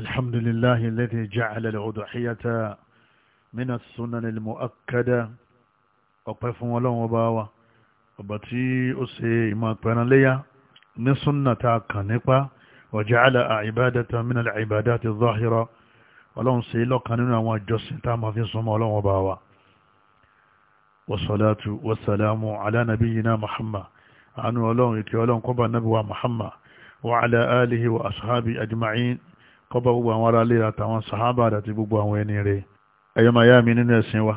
الحمد لله الذي جعل الأضحية من السنن المؤكدة ọpẹ́ fún ọlọ́run ọba wa ọba tí ó ṣe ìmọ̀ àpẹranléyà ní súnà tá a kàn nípa ọjà àlà àìbádẹ́ta mínà àìbádá ti záhírọ ọlọ́run ṣe lọ́kàn nínú àwọn àjọsìn tá a máa fi súnmọ́ ọlọ́run ọba wa wasalatu wasalamu ala nabiyina muhammad àánú ọlọ́run ìkẹ́ ọlọ́run kọ́ba nabi wa muhammad wa ala alihi wa ashabi ajma'in kọ́bọ̀ gbogbo àwọn aráalé àtàwọn sàhábà àti gbogbo àwọn ẹni rẹ̀ ẹ̀yọ́ màá yá mi nínú ẹ̀sìn wa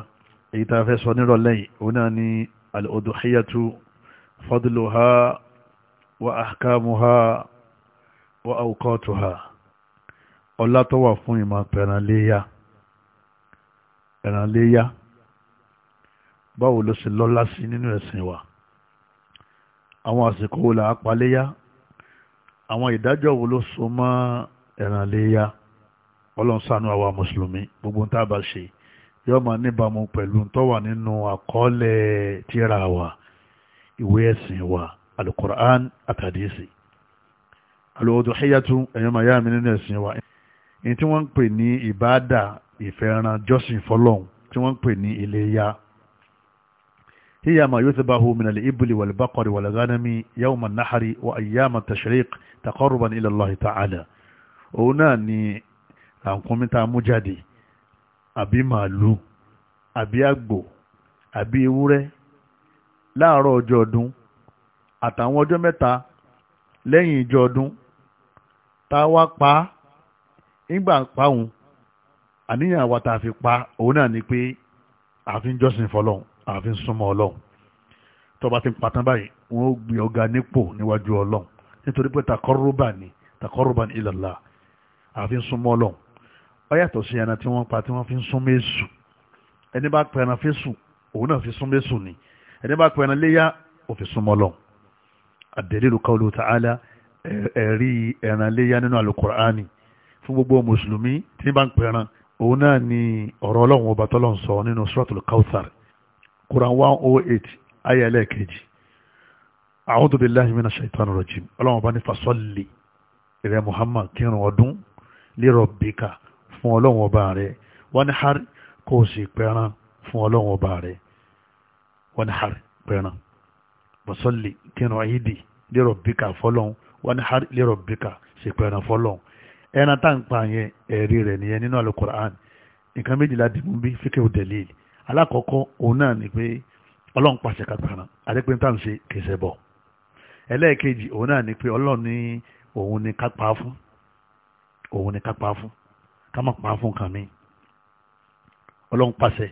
èyí tá a fẹ́ sọ nírọ̀lẹ́ yìí òun náà ni al-udhiyatu fadluha wa ahkamuha wa awqatuha ọlá tó wà fún ìmọ̀ pẹ̀rànléyà ẹ̀rànléyà báwo ló sì lọ́lá sí nínú ẹ̀sìn wa àwọn àsìkò wo là á paléyà àwọn ìdájọ́ wo ló so mọ́ ẹran léyà ọlọ́run ṣàánú àwa mùsùlùmí gbogbo ń tábà ṣe yóò máa níbàámu pẹ̀lú tó wà nínú àkọọ́lẹ̀ tírà wa ìwé ẹ̀sìn wa alukur'an àtàdésì alùwòdùhíyàtú ẹ̀yọ́ máa yá mi nínú ẹ̀sìn wa ní tí wọ́n ń pè ní ìbáàdà ìfẹ́ràn jọ́sìn fọlọ́hún tí wọ́n ń pè ní iléyà hiya ma yutbahu min al-ibli wal baqari wal ghanami yawm wa ayyam at-tashriq taqarruban ila Allah ta'ala òun náà ni ràkúnmí tá a mú jáde àbí màálù àbí àgbò àbí ewúrẹ́ láàárọ̀ ọjọ́ ọdún àtàwọn ọjọ́ mẹ́ta lẹ́yìn ìjọ ọdún tá a wá pa á nígbà pa òun àníyàn àwa tá a fi pa òun náà ni pé àfin jọ́sìn fọlọ́hún àfin súnmọ́ ọlọ́hún tó ti ń patán báyìí wọn ó gbé ọ̀gá nípò níwájú ọlọ́hún nítorí pé takọ́rọ́bà ni takọ́rọ́bà ni ilallah àfi ń súnmọ́ lọ ọ yàtọ̀ sí ẹran tí wọ́n pa tí wọ́n fi ń súnmọ́ èṣù ẹni bá pa ẹran fésù òun náà fi súnmọ́ èṣù ni ẹni bá pa ẹran léyà ò fi súnmọ́ lọ ad-dalilu qawlu ta'ala ẹ̀rí ẹran léyà nínú alukur'ani fún gbogbo mùsùlùmí tí bá ń pẹran òun náà ni ọ̀rọ̀ ọlọ́run ọba tọ́lọ́run sọ nínú suratul kawthar quran one oh eight ayé ẹlẹ́ẹ̀kejì a'udhu billahi minash shaitanir rajim ọlọ́run ọba ní fasalli rẹ̀ muhammad kírun ọdún lérò bíkà fún ọlọ́run ọba rẹ̀ wọ́n har kò sì pẹran fún ọlọ́run ọba rẹ̀ wọ́n ní har bọ́sọ́lì kírun ayídì lérò bíkà wọ́n har lérò sì pẹran fọlọ́run ẹran tá n pa yẹn ẹ̀rí rẹ̀ nìyẹn nínú alukur'an nǹkan méjìlá dìbò bí fíkẹ́ òdẹ̀lẹ́lì alákọ̀ọ́kọ́ òun náà ni pé ọlọ́run pàṣẹ tá ni pé ọlọ́run òun ni ká pa fún ká má pa fún kàn mí ọlọ́run pàṣẹ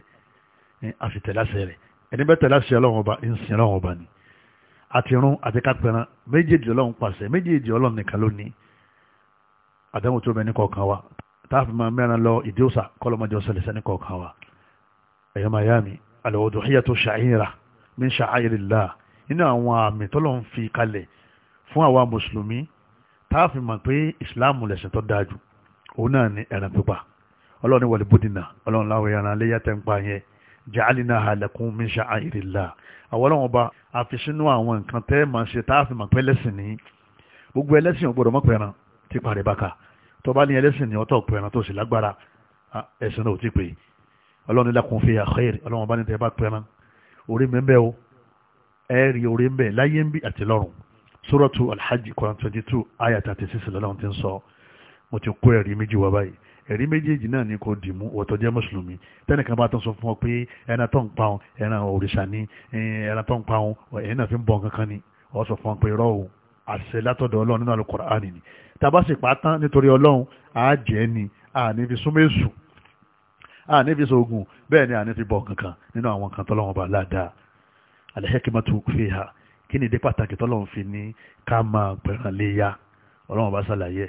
a sì tẹ̀lé àṣẹ rẹ̀ ẹni bẹ́ẹ̀ tẹ̀lé àṣẹ ọlọ́run ọba ń sin ọlọ́run ọba ni àti irun àti kápẹ́ran méjèèjì ọlọ́run pàṣẹ méjèèjì ọlọ́run nìkan ló ní àdéhùn tó bẹ ní kọ̀ọ̀kan wa táàfin máa mẹ́ran lọ ìdí òsà kọ́lọ́mọdé ọ̀sẹ̀ lẹ́sẹ̀ ní kọ̀ọ̀kan wa ẹ̀yọ́ miami al-udhiyatu sha'ira min sha'airillah nínú àwọn àmì tọ́lọ́ ń fi kalẹ̀ fún àwa mùsùlùmí táàfin mọ̀ pé ìsìláàmù lẹ̀sìn tó dáa jù òun náà ni ẹran pípa ọlọ́run wọlé bódìnà ọlọ́run láwọn ẹran léyà tẹ́ ń pa yẹn jàálìnà àlẹ́kùn min ṣàáìrìlá àwọn ọlọ́run ọba àfisínú àwọn nǹkan tẹ́ máa ṣe táàfin mọ̀ pé ẹlẹ́sìn ni gbogbo ẹlẹ́sìn ò gbọ́dọ̀ mọ́ pẹ̀ràn ti parí bákà tó bá ní ẹlẹ́sìn ní ọ̀tọ̀ pẹ̀ràn tó sì lágbára ẹ̀sìn náà ò ti pè é ọlọ́run lákùn fi àkhair ọlọ́run ọba ní tẹ́ bá pẹ̀ràn orí mi ń bẹ o ẹ̀ẹ́rì orí ń bẹ láyé ń bí àti suratu alhaji quran twenty two aya thirty six lọ́lọ́run ti ń sọ mo ti kó ẹ̀rí méjì wá báyìí ẹ̀rí méjèèjì náà ni kò dìmú wọ́tọ̀ jẹ́ mùsùlùmí tẹ́nìkan bá tó ń sọ fún ọ pé ẹran tó ń pa ọ ẹran òrìṣà ni eh, ẹran tó ń pa ọ ẹ̀yìn náà fi ń bọ̀ kankan ni ọ sọ fún ọ pé irọ́ àṣẹ látọ̀dọ̀ ọlọ́run nínú àlùkùránì ni tàbá sì pa tán nítorí ọlọ́run á jẹ́ ni à fi súnmọ́ èṣù à fi sọ̀gùn bẹ́ẹ̀ ni à fi bọ̀ kankan nínú àwọn kan tọ́lọ́wọ́n bá láàdáa alhikmatu fiha kí ni ìdí pàtàkì tọ́lọ́run fi ní ká máa pẹ̀ràn léyà ọlọ́run bá ṣàlàyé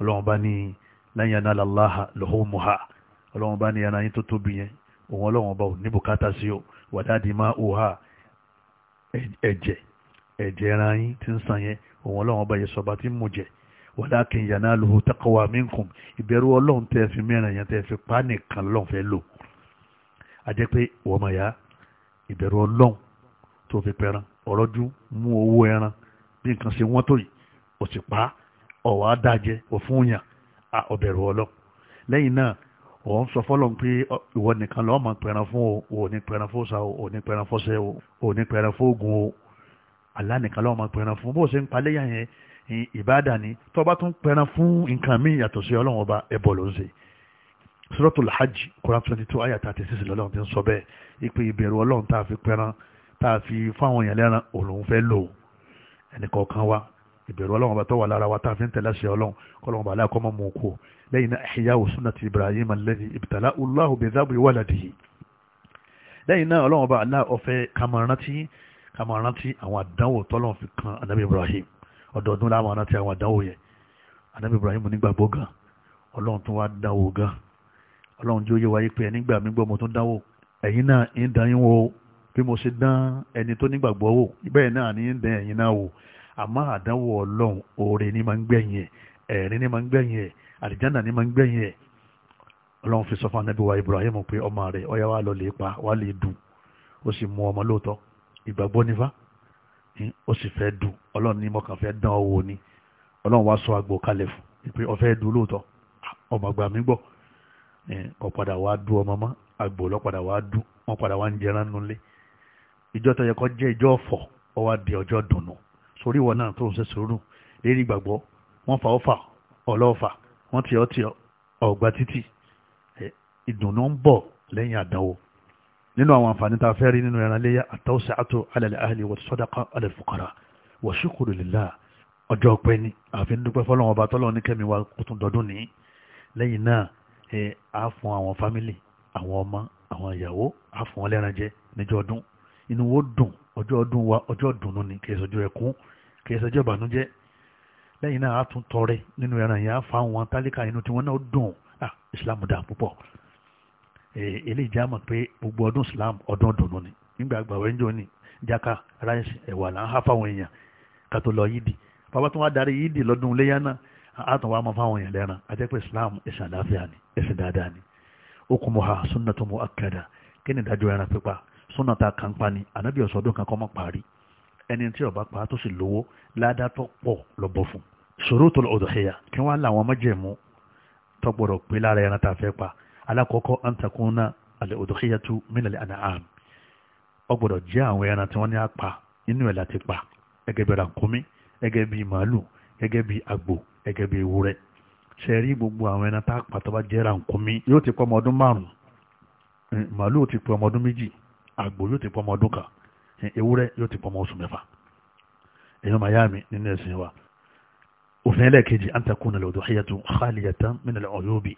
ọlọ́run bá ní lan yanala Allaha luhumuha ọlọ́run bá ní ẹran yín tó tóbi yẹn òun ọlọ́run bá ò ní bùkátà sí o wala dima'uha ẹ̀jẹ̀ ẹ̀jẹ̀ ẹran yín ti ń sàn yẹn òun ọlọ́run bá yẹ sọba tí mú jẹ walakin yanaluhu taqwa minkum ìbẹ̀rù ọlọ́run tẹ́ fi mẹ́rin yẹn tẹ́ fi pa nìkan lọ́n fẹ́ lò àjẹpẹ́ ìbẹ̀rù ọlọ́run tó fi pẹ́ràn ọ̀rọ̀jú mú owó ẹran bí nǹkan ṣe wọ́n tó yìí ó sì pa ọ̀wá dájẹ òfun yàn ọ̀bẹ̀rù ọlọ́ lẹ́yìn náà òun sọ fọlọ́n pé ìwọ nìkan lọ́ọ́ máa pẹran fún o ò ní pẹran fún sa o ò ní pẹran fún sẹ o ò ní pẹran fún oògùn o Allah nìkan lọ́ọ́ máa pẹran fún bó o ṣe ń palẹ́yà yẹn ìbáàdà ni tó bá tún pẹran fún nǹkan míì yàtọ̀ sí ọlọ́run ọba ẹbọ ló ń ṣe Suratul Hajj Quran twenty two ayat thirty six lọ́lọ́run ti ń sọ bẹ́ẹ̀ ìpè ìbẹ̀rù ọlọ́run tá a fi pẹran tá a fi fáwọn èèyàn lẹ́ran òun fẹ́ lò ẹnìkọ̀ọ̀kan wa ìbẹ̀rù ọlọ́run bá tọ́ wà lára wa tá a fi ń tẹ̀lé ṣe ọlọ́run kọ́lọ́run bá aláàkọ́ mọ́ mú kú lẹ́yìn náà ihya sunnati Ibrahim alladhi ibtala Allahu bi dhabi waladihi lẹ́yìn náà ọlọ́run bá aláà ọ̀fẹ́ kamaranti kamaranti àwọn àdánwò tọ́lọ́run fi kan anabi Ibrahim ọdọọdún láwọn arántí àwọn àdánwò yẹn anabi bí mo ṣe dán ẹni tó nígbàgbọ́ wò bẹ́ẹ̀ náà ní dán ẹ̀yin náà wò àmọ́ àdánwò ọlọ́run oore ni máa ń gbẹ̀yìn ẹ̀ ẹ̀rín ni máa ń gbẹ̀yìn ẹ̀ àlìjánnà ni máa ń gbẹ̀yìn ẹ̀ ọlọ́run fi sọ fún anábíwá Ibrahim pé ọmọ rẹ̀ ọyá wa lọ lè pa wá lè dùn ó sì mú ọmọ lóòótọ́ ìgbàgbọ́ nífà ó sì fẹ́ dùn ọlọ́run ní mọ̀kàn fẹ́ dán owó ni ọlọ́run wá sọ àgbò kalẹ̀ fún pé ọfẹ́ dùn lóòótọ́ ọmọ àgbà mi gbọ́ kọ̀ padà wá dùn ọmọ mọ́ àgbò lọ́ padà wá dùn wọ́n padà wá ń jẹran nulẹ̀ ìjọ tó yẹ kó jẹ́ ìjọ ọ̀fọ̀ ó wá di ọjọ́ dùnú sórí ìwọ náà tó ń ṣe sùúrù lérí ìgbàgbọ́ wọ́n fa ọ̀fà ọlọ́ọ̀fà wọ́n tiọ́ tiọ́ ọ̀gbà títì ìdùnnú ń bọ̀ lẹ́yìn àdánwò nínú àwọn àǹfààní tá a fẹ́ rí nínú ẹran léyà àtọ́sàtò alẹ́lẹ́ ahli wọ́n sọ́dọ̀kọ́ alẹ́fọ̀kọ́ra wọ́n ṣùkúrò lílá ọjọ́ ọpẹ́ ni àfin dúpẹ́ fọlọ́wọn ọba tọ́lọ́wọn ní kẹ́mi wa kó tún dọdún ní lẹ́yìn náà ẹ á fún àwọn fámìlì àwọn ọmọ àwọn ìyàwó á fún wọn lẹ́ran jẹ níjọ́ ọdún inú wo dùn ọjọ́ ọdún wa ọjọ́ dùnú ni kì í sọjọ́ ẹkún kì sọjọ́ ìbànújẹ́ lẹ́yìn náà a tún tọrẹ nínú ẹran yẹn a fa àwọn tálíkà inú tí náà dùn ah islam dáa púpọ̀ eléyìí já mọ̀ pé gbogbo ọdún islam ọdún dùnú ni nígbà àgbàwẹ̀ ń jọ ni jaka ráìsì ẹ̀wà là ń ha fáwọn èèyàn ká tó lọ yídì bàbá tó wá darí lọ́dún léyà náà a wá mọ fáwọn èèyàn lẹ́ran pé islam ẹ̀sìn àdáfíà ni ẹ̀sìn dáadáa ni kí ni súnà tá a kàn pa ni ànábì ọ̀sọ́dún kan kọ́ mọ́ parí ẹni tí ọba pa tó sì lówó ládàtọ̀ pọ̀ lọ́bọ̀ fún ṣòro tó lọ́dọ̀ ẹ̀yà kí wọ́n làwọn májẹ̀mú tọ́gbọ̀rọ̀ pé lára ẹran tá a fẹ́ pa alákọ̀ọ́kọ́ antakuna alẹ́ ọ̀dọ̀ ẹ̀yà tú mílẹ̀ ànáàm ọgbọ̀dọ̀ jẹ́ àwọn ẹran tí wọ́n ní apá inú ẹ̀ láti pa gẹ́gẹ́ bí ràkúnmí gẹ́gẹ́ bí màálù gẹ́gẹ́ bí àgbò gẹ́gẹ́ bí ewúrẹ́ ṣe gbogbo àwọn ẹran tá a pa tó bá jẹ́ ràkúnmí yóò ti pọ́ ọmọ ọdún márùn-ún màálù ti pọ́ ọmọ ọdún méjì àgbò yóò ti pọ́ ọmọ ọdún kan ewúrẹ́ yóò ti pọ́ ọmọ oṣù mẹ́fà èèyàn miami nínú ẹ̀sìn wa òfin ẹlẹ́ẹ̀kejì an takuna al-udhiyatu khaliyatan min al-uyubi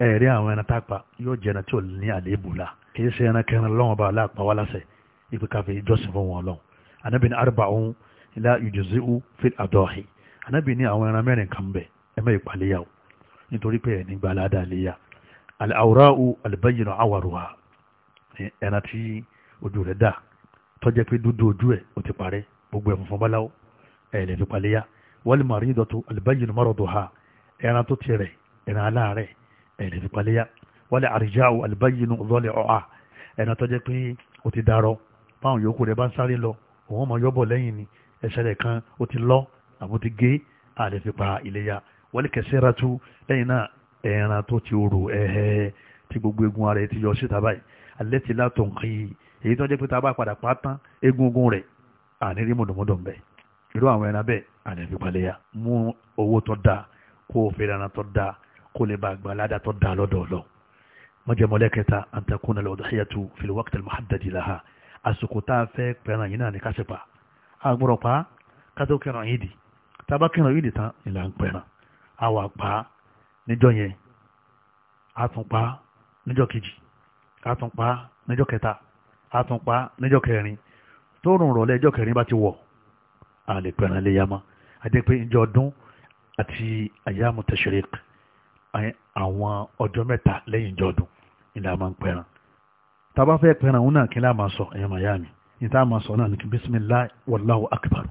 ẹ̀rí àwọn ẹran tápa yóò jẹ́ ẹran tí ò ní àléébù la kìí ṣe ẹran kẹrin lọ́wọ́ bá aláàpá wá láṣẹ ipe káfí ìjọsìn fún wọn lọ́wọ́ anábì ní arba'un la yujzi'u fil adahi anábì ní àwọn ẹran mẹ́rin kan bẹ̀ ẹ mẹ́ ìpàlẹ́yàwó nítorí pé ẹ̀ nígbà aládàá léyà al-awra'u al-bayyinu awaruha ẹran tí ojú rẹ̀ dà tọ́jẹ́ pé dúdú ojú ẹ̀ ó ti parẹ́ gbogbo ẹ̀ funfun báláwo ẹ̀ fi paléyà wọ́n lè máa rí ìdọ̀tún àlùbáyìn ha ẹran tó ti rẹ̀ ẹran aláàárẹ̀ ẹ̀ lè fi paléyà wọ́n lè àríjá o àlùbáyìn ọ̀dọ́lẹ̀ ọ̀hà ẹran tọ́jẹ́ pé ó ti darọ báwọn yòókù rẹ̀ bá ń sáré lọ òun ọmọ yọ́bọ̀ lẹ́yìn ni ẹsẹ̀ rẹ̀ kan ó ti lọ àbó ti gé a fi pa iléyá wọ́n lè kẹsẹ́ náà ẹran tó ti rò ẹ̀ẹ́ tí gbogbo egun ara ẹ̀ ti yọ síta báyìí alẹ́tì látòun kì í èyí tó jẹ́ pé tá a bá padà pa tán egungun rẹ̀ àní rí mọ̀dọ̀mọ̀dọ̀ ń bẹ̀ irú àwọn ẹran bẹ́ẹ̀ àní fi palẹ̀ ya mú owó tó da kó o fèrè ẹran tó da kó lè bá àgbà ládàá tó da lọ́dọ̀ lọ. mọ̀jẹ̀mọ́lẹ́ kẹta àǹtakùn alẹ́ ọ̀dọ̀ ṣẹ́yàtú fil waqt àsìkò tá a fẹ́ pẹ̀ràn yìí náà ní káṣẹ́ pa àgbọ̀rọ̀ pa kátó kẹràn àtúnpá níjọ́ kẹta àtúnpá níjọ́ kẹrin tó rùn rọ̀lẹ́ ẹjọ́ kẹrin bá ti wọ̀ àlè pẹ̀rẹ̀ lè yamọ́ àti pé ìjọ ọdún àti àyàmú tashriq àwọn ọjọ́ mẹ́ta lẹ́yìn ìjọ ọdún ìlà máa ń pẹ̀rẹ̀ tàbá fẹ́ pẹ̀rẹ̀ òun náà kí lá máa sọ ẹ̀yàn miami níta máa sọ náà ní kí bisimilahi wàláhu akbar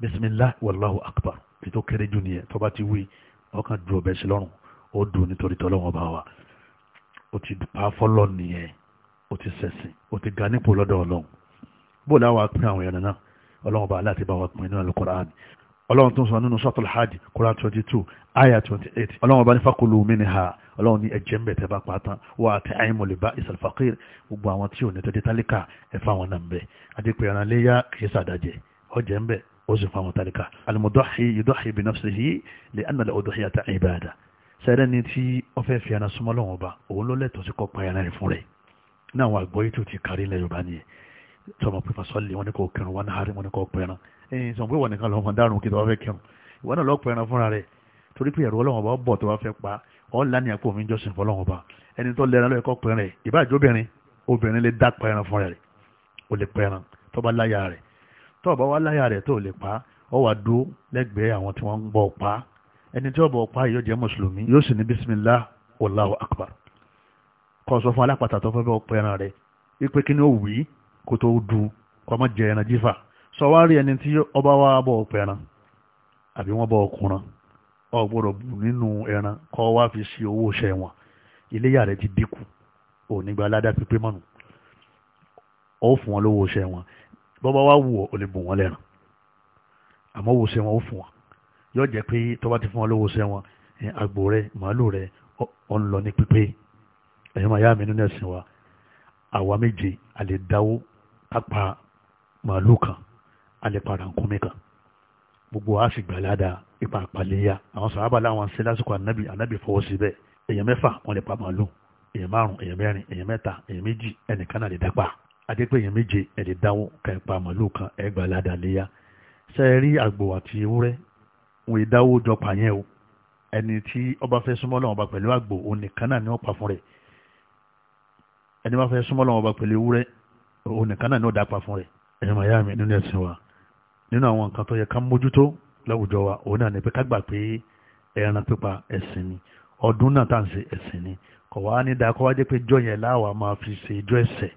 bisimilahi wàláhu akbar ètò kéré jù nìyẹn tó bá ti wí ọkàn dùn ọbẹ̀ sí lọ́rùn ó dùn nítorí tọ́lọ́wọ́n bá wa ó ti pa fọ́lọ́ nìyẹn ó ti sẹ̀sìn ó ti ga nípò lọ́dọ̀ ọlọ́run bó láwa pín àwọn èèyàn náà ọlọ́run bá aláàtí bá wa pín nínú alukur'an ọlọ́run tó ń sọ nínú sọ́tọ̀lù hajj quran twenty two ayah twenty eight ọlọ́run bá ní fakulu minha ọlọ́run ní ẹ̀jẹ̀ ń bẹ̀ tẹ́ bá pa tán wà á tẹ àyìnbó lè bá ìsàlfàkìr gbogbo àwọn tí ò ní tẹ́tẹ́ tálíkà ẹ̀ fáwọn náà ń bẹ̀ adépe ẹran léyà tí ọ fẹ́ fi ẹran súnmọ́ lọ́wọ́ ba òun ló lẹ́tọ̀ọ́ sí kọ́ pa ẹran rẹ̀ fún rẹ̀ náà wà gbọ́ yìí tó ti kárí ilẹ̀ yorùbá nìyẹn sọmọ pé fasọ́lì wọn ni kò kírun wọn náà rí wọn ni kò pẹran ẹ̀yìn sọmọ pé wọn nìkan lọ́mọ dárùn kí tó bá fẹ́ kírun ìwọ náà lọ́ọ́ pẹran fúnra rẹ̀ torí pé ẹ̀rọ ọlọ́wọ́n bá bọ̀ tó bá fẹ́ pa ọ́n lánì àpò mi jọ́sìn fọlọ́wọ́n bá ẹni tó lẹ́ran lọ́ọ́ pẹran rẹ̀ ìbáàjọ́ obìnrin obìnrin lè dá pẹran fúnra rẹ̀ ó lè pẹran tó láyà rẹ̀ tó kọ́ sọ fún alápàtà tó fẹ́ bọ́ pẹ́ ẹran rẹ̀ wípé kí ni ó wí kó tó du kó má jẹ ẹran jífà sọ wá rí ẹni tí ọba wa bọ̀ pẹ́ ẹran àbí wọ́n bọ̀ ọkùnrin ọgbọ́dọ̀ bù nínú ẹran kọ́ wá fi ṣe owó iṣẹ́ wọn iléyà rẹ̀ ti dínkù ònígbà aládá pípé mọ́nu ó fún wọn lówó iṣẹ́ wọn bọ́bá wa wù ọ́ ò lè bù wọn lẹ́ran àmọ́ owó iṣẹ́ wọn ó fún wọn yóò jẹ́ pé tó bá ti fún wọn lówó iṣẹ́ wọn àgbò rẹ̀ màálù rẹ̀ ọ̀ ń lọ ní pípé ẹ̀yìn máa yá mi nínú ẹ̀sìn wa àwa méje a lè dáwó apá màálù kan a lè kan gbogbo a sì gbà ládàá ipa àpàlẹ́yà àwọn sàábà láwọn ṣe lásìkò ànábì ànábì fọwọ́ sí bẹ́ẹ̀ èèyàn mẹ́fà wọ́n lè pa màálù èèyàn márùn èèyàn mẹ́rin èèyàn mẹ́ta èèyàn méjì ẹnìkan náà lè dápa adépẹ́ èèyàn méje ẹ̀ lè dáwó ká ipa màálù kan ẹ̀ gbà ládàá léyà ṣe rí àgbò àti ewúrẹ́ wọn ìdáwó jọ pààyàn o ẹni tí ọba fẹ́ súnmọ́ lọ́wọ́ ọba pẹ̀lú àgbò òun nìkan náà ni wọ́n pa fún rẹ̀ ẹni máa fẹ́ súnmọ́ lọ́wọ́ ọba pẹ̀lú ewúrẹ́ òun nìkan náà ní ó dápa fún rẹ̀ ẹ̀yìn màyá mi nínú ẹ̀sìn wa nínú àwọn nǹkan tó yẹ ká mójútó láwùjọ wa òun náà ní pé ká gbà pé ẹran pípa ẹ̀sìn ni ọdún náà tá à ń ṣe ẹ̀sìn ni kò wá ní dáa kó wá jẹ́ pé jọ yẹn láwa máa fi ṣe ijó ẹ̀sẹ̀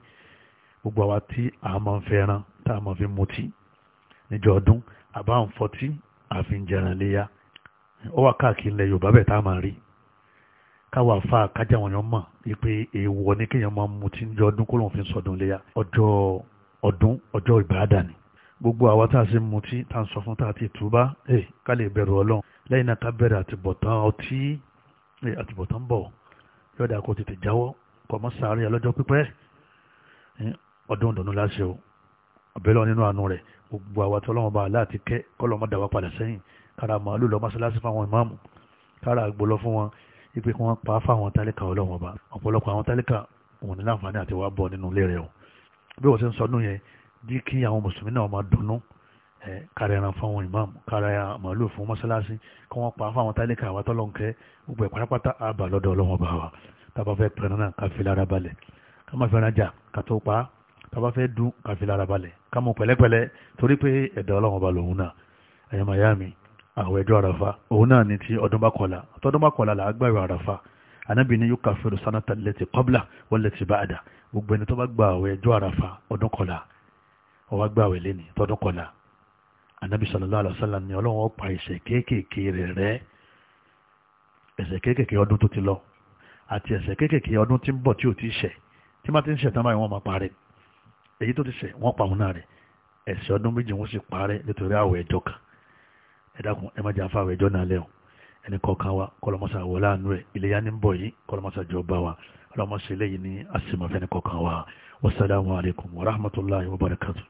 gbogbo àwa tí a máa ń fẹ́ràn tá a máa fi mutí níjọ ọdún àbá ń fọtí àfi ń jẹran léyà ó wà káàkiri káwà fa kájà wọn yàn mọ̀ wípé èèwọ̀ ni kéèyàn máa mutí ní ọdún kó lóun fi sọdún léyà ọjọ́ ọdún ọjọ́ ìbáradà ni gbogbo àwa tá a ṣe mutí tá a sọ fún tá a ti túbá ẹ eh, ká lè bẹ̀rù ọlọ́run lẹ́yìn náà ká bẹ̀rẹ̀ àtìbọ̀tán ọtí eh, àtìbọ̀tán bọ̀ yọ̀dà kò tètè jáwọ́ kò mọ́ sàárẹ̀ ọlọ́jọ́ pípẹ́ eh, ọdún ìdùnnú láṣẹ o ọ̀bẹ́lọ́ nínú àánú rẹ̀ gbogbo àwa tí ọlọ́run bá a láti kẹ́ kọ́ padà sẹ́yìn kára màálù lọ fáwọn ìmáàmù kára fún wọn ipe kí wọ́n pa á fáwọn tálíkà ọlọ́wọ́n ọba ọ̀pọ̀lọpọ̀ àwọn tálíkà òun ní láǹfààní àti wàá bọ̀ nínú ilé rẹ̀ o bí wọ́n ṣe ń sọ nù yẹn jí kí àwọn mùsùlùmí náà máa dunnú kára ẹran fáwọn imam kára màálù fún mọ́sálásí kí wọ́n pa á fáwọn tálíkà àwa tọ́lọ́nkẹ́ gbogbo ẹ̀ pátápátá àbà lọ́dọ̀ ọlọ́wọ́n ọba wa tábà fẹ́ pẹ̀rẹ̀ náà ká fi lára balẹ̀ ká má fẹ́ràn jà ká tó pa á tábà miami àwọn ẹjọ́ àràfà òun náà ni ti ọdún bá kọlà tọdún bá kọlà làá gbààwẹ̀ àràfà anábì ní yóò fèrè sanata lẹ́tì kọ́bla wọ́n lẹ́tì bá àdá gbogbo ẹni tó bá gba àwọn ẹjọ́ àràfà ọdún kọlà ọwá gba àwẹ̀ lẹ́ni tọdún kọlà anábì sallallahu alaihi wasallam ni ọlọ́run ó pa ẹ̀ṣẹ̀ kéékèèké rẹ̀ rẹ́ ẹ̀ṣẹ̀ kéékèèké ọdún tó ti lọ àti ẹ̀ṣẹ̀ kéékèèké ọdún ẹ̀dàkùn ẹ má jẹ́ àfa àwẹ̀jọ́ náà lẹ́hùn ẹni kọ̀ọ̀kan wa kọlọmọ́sà wọlé àánú rẹ̀ iléyà ní bọ̀ yìí kọlọmọ́sà jọba wa kọlọmọ́sà eléyìí ní àsìmọ̀fẹ́ ní kọ̀ọ̀kan wa wasalaamu wa rahmatulahi wa barakatuh.